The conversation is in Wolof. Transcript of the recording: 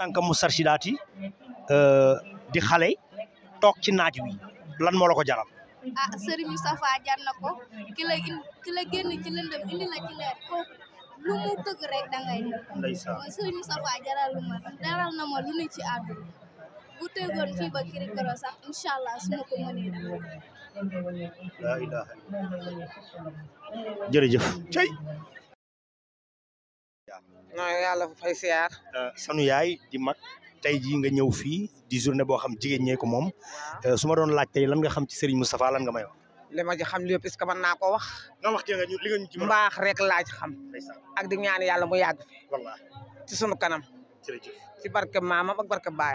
tant que Moustarchidaty yi euh, di xale toog ci naaj wi lan moo ko jaral. ah Serigne Moustapha jar na ko ki la ki la indi la ci lu mu rek da ngay def. jaral lu na ma lu ne ci àdduna bu tegoon fii sax incha allah su ma ko waaw yàlla fay siyaar. Euh, sanu yaay di mag tey jii nga ñëw fii di journée boo xam jigéen ñee ko moom. Euh, su ma doon laaj tey lan nga xam ci Serigne Moustapha lan ga may wax. li ma xam lépp parce que mën naa ko wax. non wax nga ñu li nga ñu rek laa xam. ak di ñaan yàlla mu yàgg. fi ci sunu kanam. ci barke maamam barke baay.